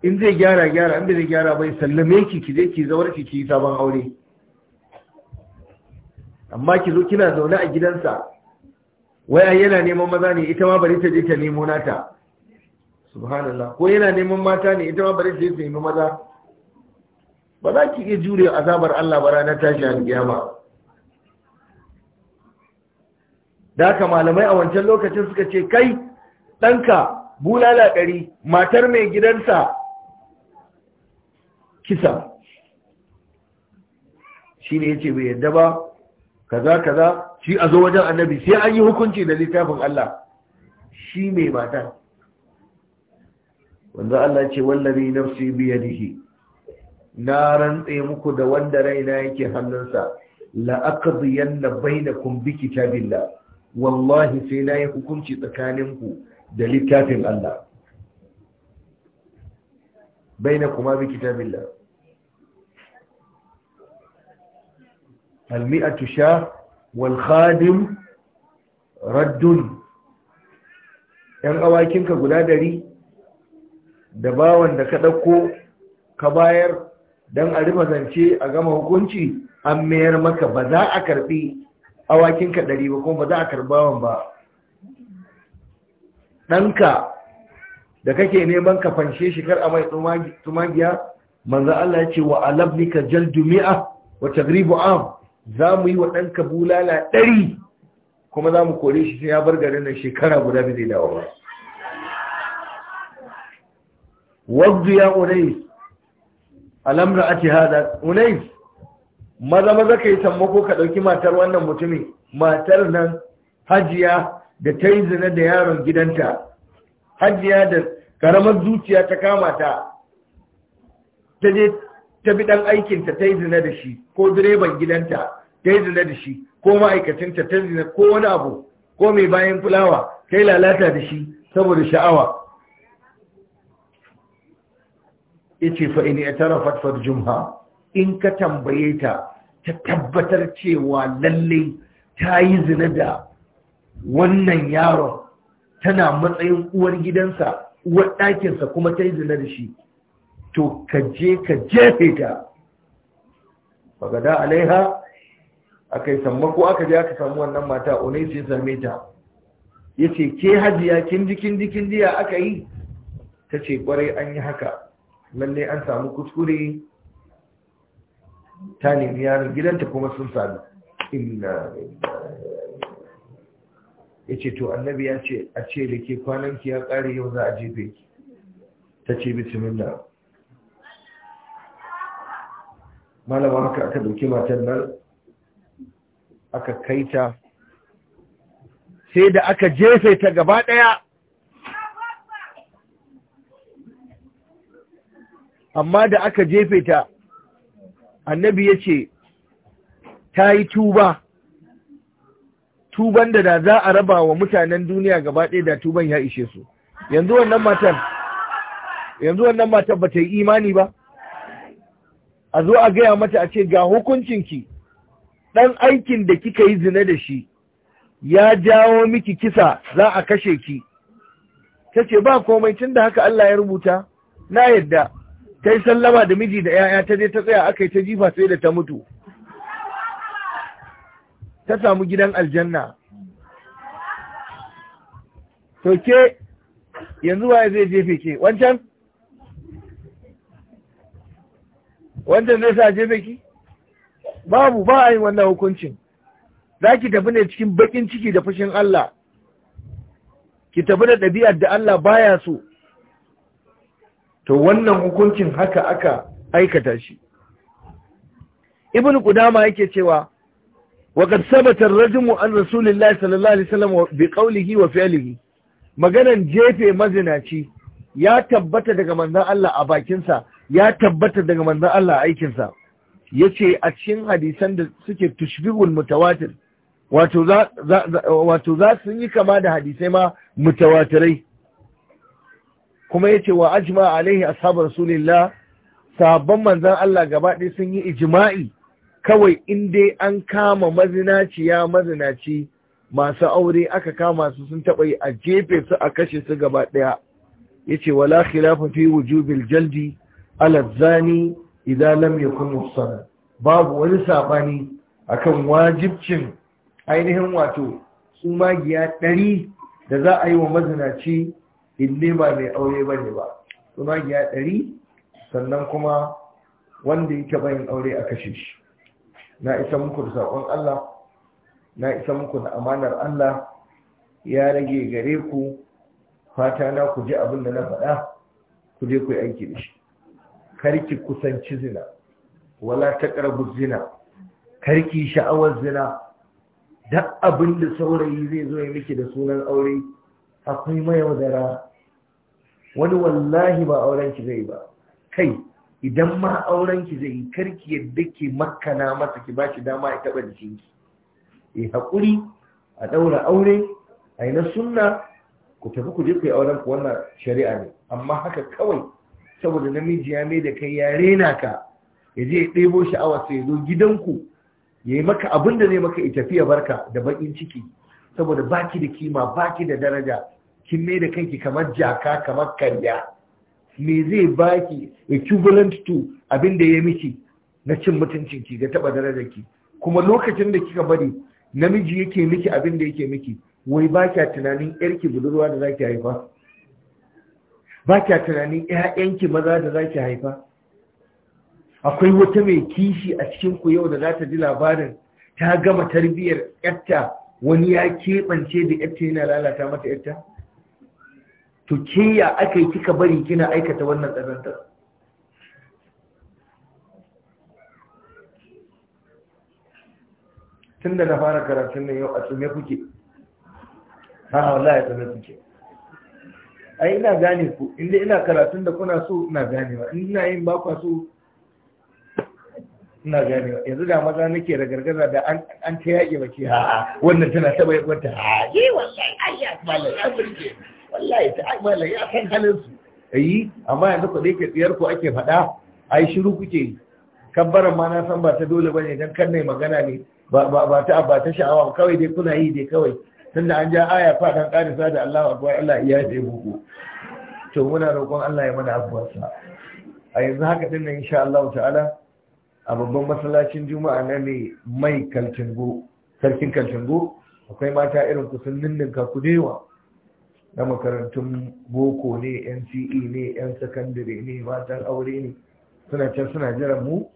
in zai gyara gyara inda zai gyara bai sallame ki ki je ki zaura ki yi sabon aure amma ki zo kina zaune a gidansa waya yana neman maza ne ita ma bari ta je ta nemo nata subhanallah ko yana neman mata ne ita ma bari ta je ta nemi maza ba za ki iya jure azabar Allah ba ranar tashi a alkiyama da ka malamai a wancan lokacin suka ce kai ɗanka bulala ɗari matar mai gidansa kisa shi ne ya ce bai yadda ba kaza kaza shi a zo wajen annabi sai an yi hukunci da littafin Allah shi mai matar wanda Allah ce wallazi nafsi biyadihi na rantse muku da wanda raina yake hannunsa la'aqdiyanna bainakum bi kitabillah wallahi sai na yi hukunci tsakaninku da littafin Allah bainakum bi kitabillah al-mi'atu sha wal khadim raddun yan awakinka guda dari da bawan da ka ɗauko ka bayar don a riba zance a gama hukunci an mayar maka ba za a karbi awakinka ɗari ba kuma ba za a karbawan ba ɗanka da kake neman ka fanshe shi kar a mai tumagiya manzan Allah ya ce wa alabnika jaldu mi'a wa tagribu am za mu yi wa ɗanka bulala ɗari kuma za mu kore shi sai ya bar garin nan shekara guda bai dawo ba wadda ya unai alamra ake hada unais maza maza ka yi tambako ka ɗauki matar wannan mutumin. matar nan hajiya da ta yi zina da yaron gidanta hajiya da karamar zuciya ta kama ta ta bi dan aikinta ta yi zina da shi ko direban gidanta ta yi zina da shi ko ma'aikacinta ta yi zina ko wani abu ko mai bayan fulawa ta yi lalata da shi saboda sha'awa yace fa in fatfar jumha in ka tambaye ta ta tabbatar cewa lalle ta yi zina da wannan yaron tana matsayin uwar gidansa uwar ɗakinsa kuma ta yi zina da shi to ka je ka jefe ta bagada alaiha aka yi sammako aka je aka samu wannan mata onai sai same ta Yace ke hajiya kin ji kin ji aka yi ta ce kwarai an yi haka lalle an samu kuskure ta nemi yaron gidanta kuma sun sami inna ya ce to annabi ya ce a ce da ke kwananki ya ƙari yau za a jefe ta ce bisimillah malama haka aka dauki matan nan aka kaita sai da aka jefe ta gaba ɗaya amma da aka jefe ta annabi ya ce ta yi tuba tuban da da za a raba wa mutanen duniya gaba ɗaya da tuban ya ishe su yanzu wannan matan yanzu wannan matan ba ta yi imani ba a zo a gaya mata a ce ga hukuncinki ɗan aikin da kika yi zina da shi ya jawo miki kisa za a kashe ki ta ce ba komai tun da haka Allah ya rubuta na yadda ta yi sallama da miji da 'ya'ya ta je ta tsaya aka yi ta jifa sai da ta mutu ta samu gidan aljanna to ke yanzu waye zai jefe ke wancan wancan zai sa jefe ki babu ba a yi wannan hukuncin za ki tafi ne cikin bakin ciki da fushin Allah ki tafi da ɗabi'ar da Allah baya so to wannan hukuncin haka aka aikata shi ibn qudama yake cewa wa kad sabata ar-rajmu an rasulillahi sallallahu alaihi wasallam bi qawlihi wa fi'lihi maganan jefe mazinaci ya tabbata daga manzon Allah a bakinsa ya tabbata daga manzon Allah a aikinsa yace a cikin hadisan da suke tushbihul mutawatir wato za wato za sun yi kama da hadisai ma mutawatirai kuma ya ce, wa ajma alaihi ashabu rasulillah sabon manzan Allah gaba ɗaya sun yi ijima'i? kawai inda an kama mazinaciya mazinaci masu aure aka kama su sun taɓa yi a jefe su a kashe su gaba ɗaya ce, wala khilafa fi wujubil jaldi alazzani zani idan lam yakun babu wani sabani akan wajibcin ainihin wato su magiya ɗari da za a yi wa mazinaci inne ba mai aure ba ne ba su ya ɗari sannan kuma wanda yake bayan aure a kashe shi na isa muku da saƙon Allah na isa muku da amanar Allah ya rage gare ku fata na ku ji abin da na faɗa ku je ku yi aiki da shi karki kusanci zina wala ta zina karki sha'awar zina duk abin da saurayi zai zo ya miki da sunan aure akwai mayaudara wani wallahi ba auren ki zai ba kai idan ma auren ki zai karki yadda ke makana masa ki ba shi dama ya taba jikin ki eh hakuri a ɗaura aure a yi na sunna ku tafi ku je ku yi auren ku wannan shari'a ne amma haka kawai saboda namiji ya mai da kai ya rena ka ya je ya ɗebo sha'awa sai ya zo gidanku ya yi maka abin da zai maka ya tafiya, barka da baƙin ciki saboda baki da kima baki da daraja kin mai da kanki kamar jaka kamar karya me zai baki equivalent to abin da ya miki na cin mutuncin ki da taba darajar ki kuma lokacin da kika bari namiji yake miki abin da yake miki wai ba kya tunanin yarki budurwa da zaki haifa ba kya tunanin ƴaƴanki maza da zaki haifa akwai wata mai kishi a cikin ku yau da za ta ji labarin ta gama tarbiyyar yarta wani ya keɓance da yarta yana lalata mata yarta to ke ya aka yi kika bari kina aikata wannan tsanantar. tun da na fara karatun nan yau a tsume kuke ha wallah ya tsume kuke ai ina gane ku inda ina karatun da kuna so ina ganewa ina yin bakwa so ina ganewa yanzu da maza nake da gargaza da an ta yaƙi ke ha wannan tana taɓa yi kwanta ha yi wallahi ayyar malar ya wallahi ta aimala ya san halin su yi amma yanzu ku dai ke ku ake faɗa ai shiru kuke kabbaran ma na san ba ta dole bane dan kan nai magana ne ba ba ta ba ta sha'awa kawai dai kuna yi dai kawai tunda an ja aya fa dan karisa da Allahu akbar Allah ya yi muku to muna roƙon Allah ya mana sa. a yanzu haka din nan insha Allah ta'ala a babban masallacin juma'a nan ne mai kaltingo sarkin kaltingo akwai mata irin kusan ninninka ku dewa na makarantun boko ne nce ne yan sakandare ne matan aure ne suna can suna jiran mu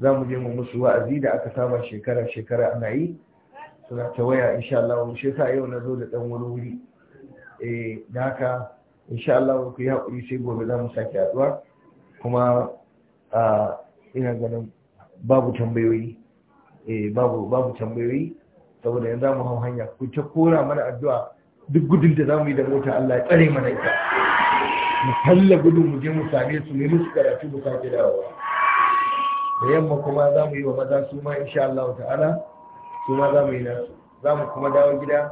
za mu je mu musu wa'azi da aka saba shekara shekara ana yi suna ta waya insha Allah shi yasa yau na zo da dan wani wuri eh da haka insha Allah ku yi hakuri sai gobe za mu sake haduwa kuma a ina ganin babu tambayoyi eh babu babu tambayoyi saboda yanzu mu hau hanya ku ta kora mana addu'a duk gudun da zamu yi da mota Allah ya tsare mana ita mu halla gudun mu je mu same su ne musu karatu mu sake dawowa da yamma kuma za mu yi wa maza su ma insha Allah ta'ala su ma za mu yi nasu za mu kuma dawo gida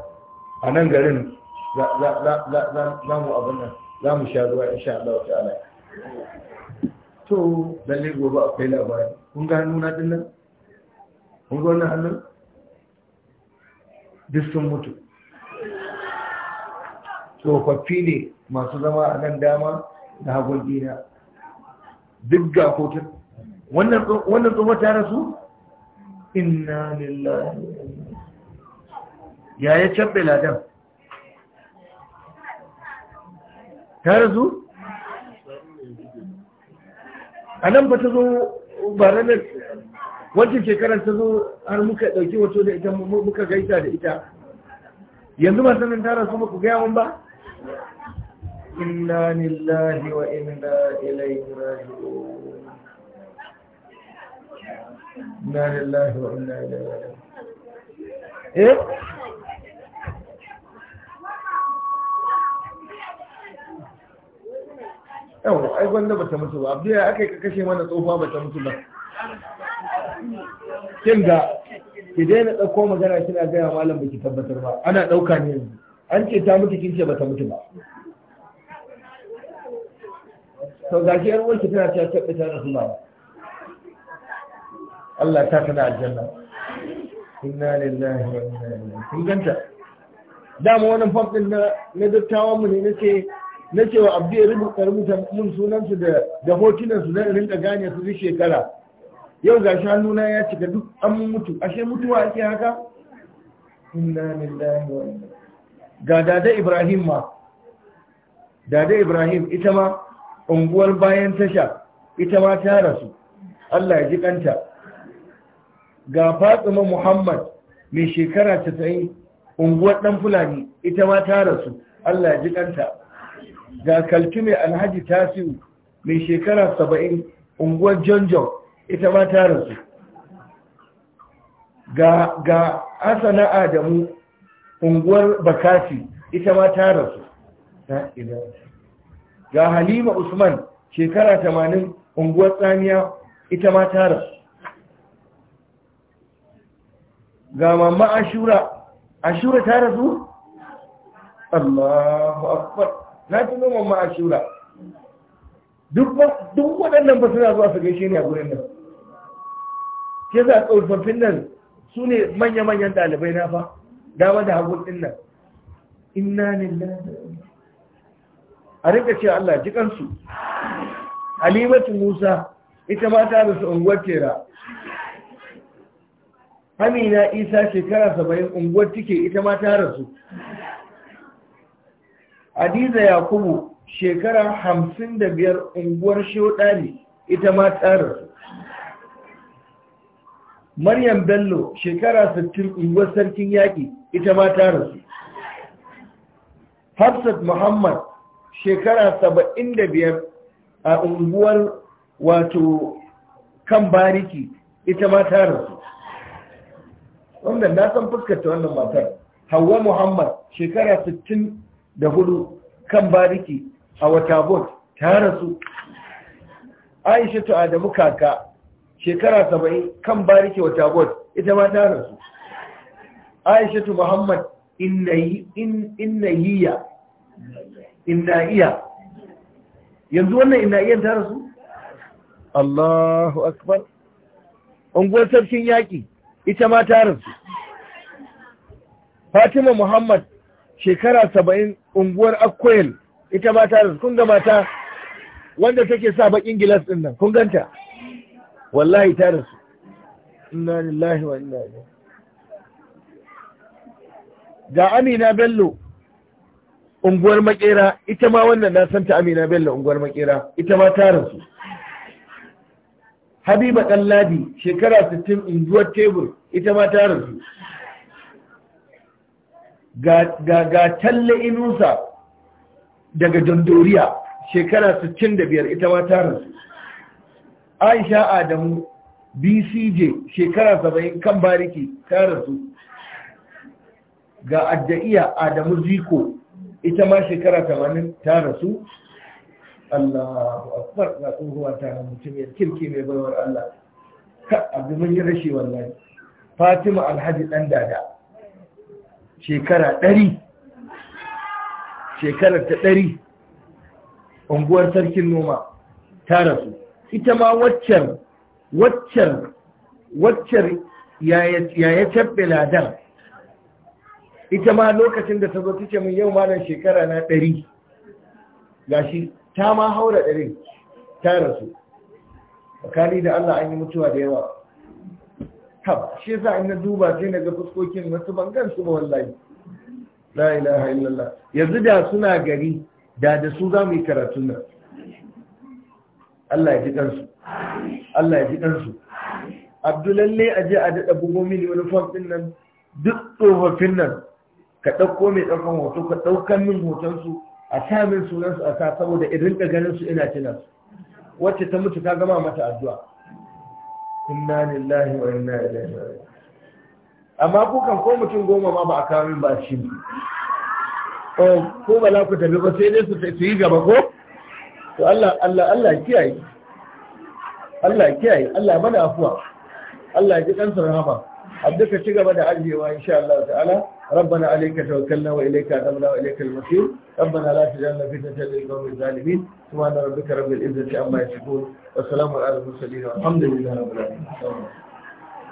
a nan garin za mu abin nan za mu sha ruwa insha Allah ta'ala to lalle gobe akwai labari kun ga nuna din nan kun ga wannan hannun duk sun mutu tsofaffi ne masu zama a nan dama da hagun dina duk ga kotun wannan tsohon ta rasu inna lillahi ya ya cabbe ladan ta rasu a nan ba ta zo ba ranar wancan shekarar ta zo har muka dauki wato da ita muka gaisa da ita yanzu masanin ta rasu muku ku gaya mun ba إنا لله وإنا إليه راجعون bata mutu ba abu aka mana tsofa bata mutu ba kin ga ki daina ɗauko magana kina gaya malam baki tabbatar ba ana ɗauka ne yanzu an ce ta mutu kin ce bata mutu ba to ga ki yar uwarki tana ta tabbata ta rasulullah Allah ta kada aljanna inna lillahi wa inna ilaihi kun ganta dama wannan fam din na na dattawan mu ne nace na cewa abdi ya rubuta rubuta mun sunan su da da hotunan su zan rinka gane su duk shekara yau ga shanu na ya cika duk an mutu ashe mutuwa ake haka inna lillahi wa inna ga dada ibrahim ma dada ibrahim ita ma unguwar bayan tasha ita ma ta rasu allah ya ji kanta ga fatima muhammad mai shekara 90 unguwar dan fulani ita ma ta rasu allah ya ji kanta ga kaltume alhaji tasiru mai shekara 70 unguwar jonjon ita ma ta rasu ga asana adamu unguwar bakati ita ma ta rasu ga halima usman shekara 80 unguwar tsamiya ita ma ta rasu ga mamma ashura ashura ta rasu Allahu akbar na tuno mamma ashura duk waɗannan ba suna zuwa su gaishe ne a gurin nan ke za a tsofaffin nan su ne manya-manyan ɗalibai na fa dama da hagu din nan inna lillahi a rinka ce Allah ji kansu halimatu musa ita ma ta rasu unguwar tera amina isa shekara saba'in unguwar take ita ma ta rasu adiza yakubu shekara hamsin da biyar unguwar ne ita ma ta rasu maryam bello shekara sittin unguwar sarkin yaƙi ita ma ta rasu hafsat muhammad shekara saba'in da biyar a unguwar wato kan bariki ita ma ta rasu wannan na san fuskata wannan matar hawa muhammad shekara sittin da hudu kan bariki a bot ta rasu aisha adamu kaka shekara saba'in kan bariki bot ita ma ta rasu aishatu muhammad inna iya. yanzu wannan iya ta rasu Allahu akbar unguwar sarkin yaƙi ita ma ta rasu Fatima Muhammad shekara saba'in unguwar Akkoyel ita ma ta rasu kun ga mata wanda take sa bakin gilas ɗin nan kun ganta wallahi ta rasu inna lillahi wa inna ilaihi ga amina bello unguwar makera ita ma wannan na santa amina bello unguwar makera ita ma tarin su habiba kalladi shekara 60 unguwar tebur ita ma tarin su ga talle inusa daga dandoriya shekara 65 ita ma tarin su aisha adamu bcj shekara 70 kan bariki tarin su ga adda'iya adamu ziko ita ma shekara 80 ta rasu Allahu akbar ga tsohuwa ta mutum ya kirki mai baiwar Allah ka abu mun yi rashi wallahi Fatima Alhaji dan dada shekara 100 shekarar ta 100 unguwar sarkin noma ta rasu ita ma waccan waccan waccan yaya tabbe ladan ita ma lokacin da ta zo ta ce min yau malam shekara na ɗari gashi ta ma haura ɗari ta rasu bakali da Allah an yi mutuwa da yawa tab shi yasa in na duba sai na ga fuskokin wasu bangan su ba wallahi la ilaha illallah yanzu da suna gari da da su za mu yi karatun nan Allah ya ji kansu Allah ya ji kansu Abdulalle aje a daɗa bugo mini wani fam ɗin nan duk tsofaffin nan ka ɗauko mai ɗaukan hoto ka ɗaukan min hotonsu a sa min sunansu a sa saboda in rinka ganin su ina tuna su wacce ta mutu ka gama mata addu'a inna lillahi wa inna ilaihi raji'un amma ku kan ko mutum goma ma ba a kawo min ba shi ko ba la ku tafi ba sai dai su su yi gaba ko to Allah Allah Allah kiyaye Allah kiyaye Allah bada afuwa Allah ya ji kansa rahama adduka ci gaba da ajiyewa insha Allah ta'ala ربنا عليك توكلنا وإليك أدمنا وإليك المصير ربنا لا تجعلنا فتنة للقوم الظالمين سبحان ربك رب العزة عما يصفون والسلام على المرسلين والحمد لله رب العالمين